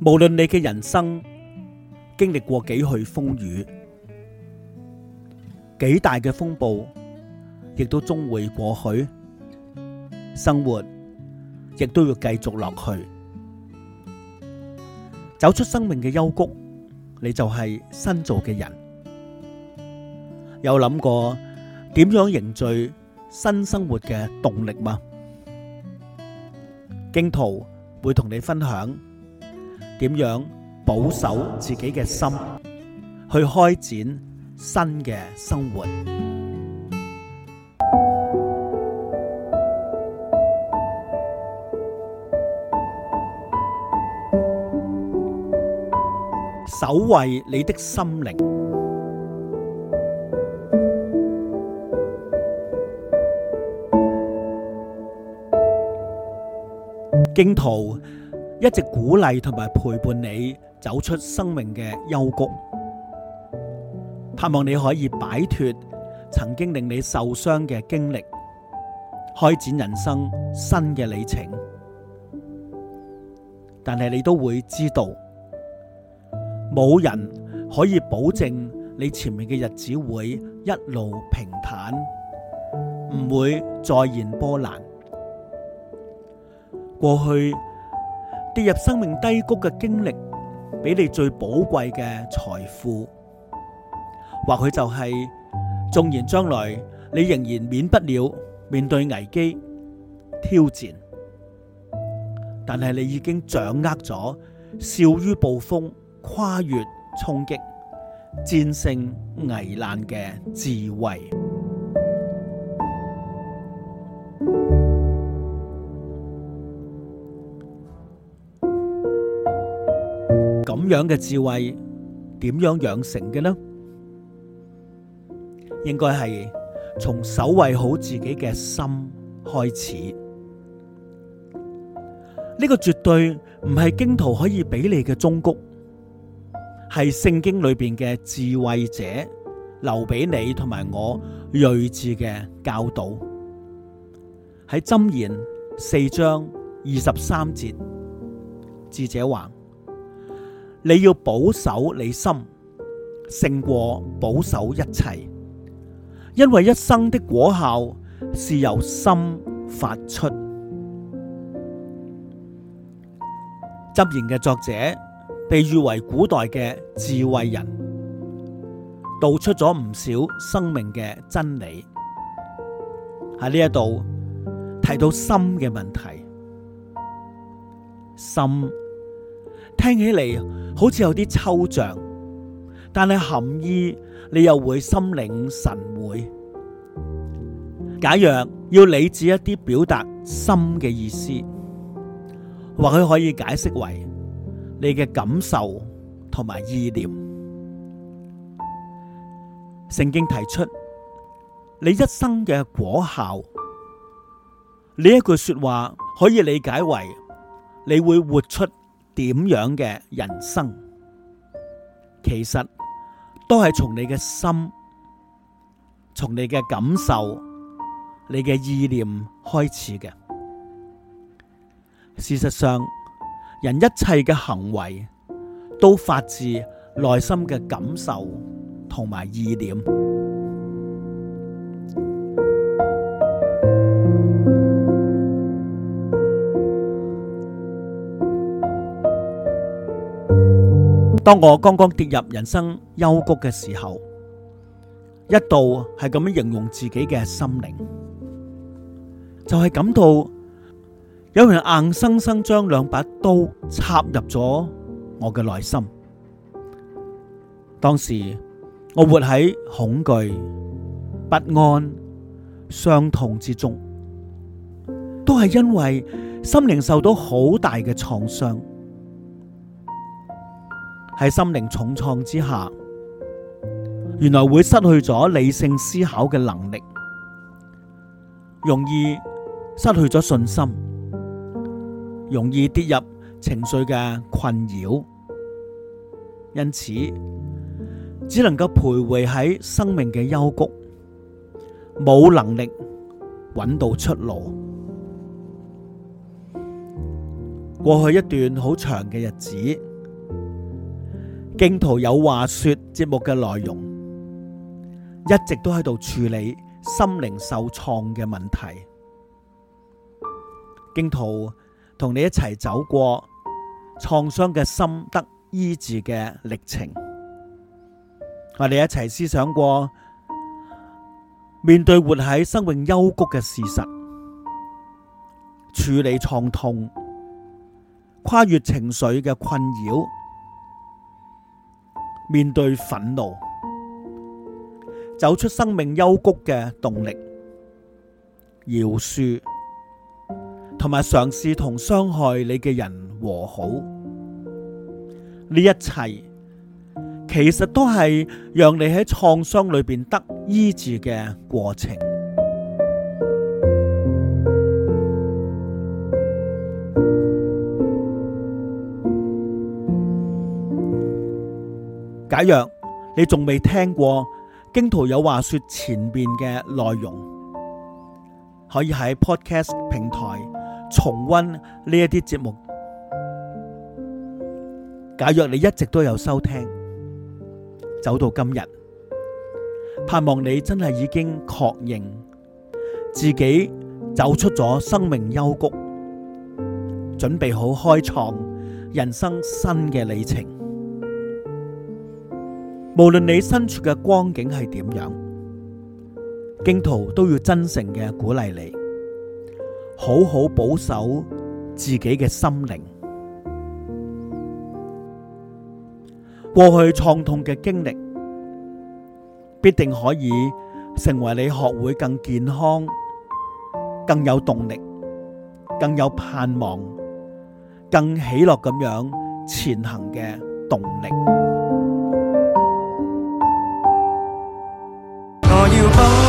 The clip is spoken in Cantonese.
無論你嘅人生經歷過幾許風雨，幾大嘅風暴，亦都終會過去。生活亦都要繼續落去，走出生命嘅幽谷，你就係新造嘅人。有諗過點樣凝聚新生活嘅動力嗎？荊徒會同你分享。點樣保守自己嘅心，去開展新嘅生活，守衛你的心靈，荊徒。一直鼓勵同埋陪伴你走出生命嘅幽谷，盼望你可以擺脫曾經令你受傷嘅經歷，開展人生新嘅里程。但係你都會知道，冇人可以保證你前面嘅日子會一路平坦，唔會再現波瀾。過去。跌入生命低谷嘅經歷，俾你最寶貴嘅財富，或許就係縱然將來你仍然免不了面對危機、挑戰，但係你已經掌握咗笑於暴風、跨越衝擊、戰勝危難嘅智慧。樣嘅智慧點樣養成嘅呢？應該係從守衛好自己嘅心開始。呢、這個絕對唔係荊徒可以俾你嘅忠告，係聖經裏邊嘅智慧者留俾你同埋我睿智嘅教導。喺箴言四章二十三節，智者話。你要保守你心，勝過保守一切，因為一生的果效是由心發出。箴言嘅作者被譽為古代嘅智慧人，道出咗唔少生命嘅真理。喺呢一度提到心嘅問題，心聽起嚟。好似有啲抽象，但係含意你又會心領神會。假若要理智一啲表達心嘅意思，或許可以解釋為你嘅感受同埋意念。聖經提出你一生嘅果效，呢一句說話可以理解為你會活出。點樣嘅人生，其實都係從你嘅心、從你嘅感受、你嘅意念開始嘅。事實上，人一切嘅行為都發自內心嘅感受同埋意念。當我剛剛跌入人生幽谷嘅時候，一度係咁樣形容自己嘅心靈，就係感到有人硬生生將兩把刀插入咗我嘅內心。當時我活喺恐懼、不安、傷痛之中，都係因為心靈受到好大嘅創傷。喺心靈重創之下，原來會失去咗理性思考嘅能力，容易失去咗信心，容易跌入情緒嘅困擾，因此只能夠徘徊喺生命嘅幽谷，冇能力揾到出路。過去一段好長嘅日子。荊徒有話說節目嘅內容一直都喺度處理心靈受創嘅問題，荊徒同你一齊走過創傷嘅心得醫治嘅歷程，我哋一齊思想過面對活喺生命幽谷嘅事實，處理創痛，跨越情緒嘅困擾。面對憤怒，走出生命幽谷嘅動力，饒恕，同埋嘗試同傷害你嘅人和好，呢一切其實都係讓你喺創傷裏邊得醫治嘅過程。假若你仲未聽過荊徒有話說前面嘅內容，可以喺 Podcast 平台重温呢一啲節目。假若你一直都有收聽，走到今日，盼望你真係已經確認自己走出咗生命幽谷，準備好開創人生新嘅里程。無論你身處嘅光景係點樣，荊徒都要真誠嘅鼓勵你，好好保守自己嘅心靈。過去創痛嘅經歷，必定可以成為你學會更健康、更有動力、更有盼望、更喜樂咁樣前行嘅動力。